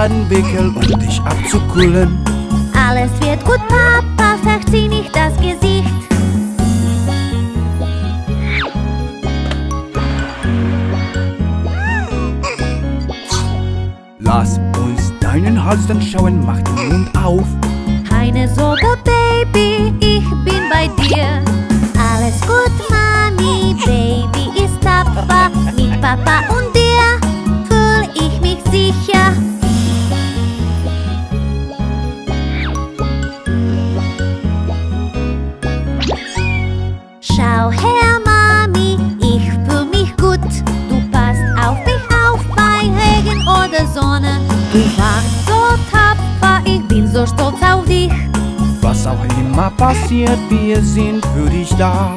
Schokoladenwickel, um dich abzukühlen. Alles wird gut, Papa, verzieh nicht das Gesicht. Lass uns deinen Hals dann schauen, mach den Mund auf. Keine Sorge, Baby, ich bin bei dir. Alles gut, Mami, Baby ist tapfer, mit Papa und Was auch immer passiert, wir sind für dich da.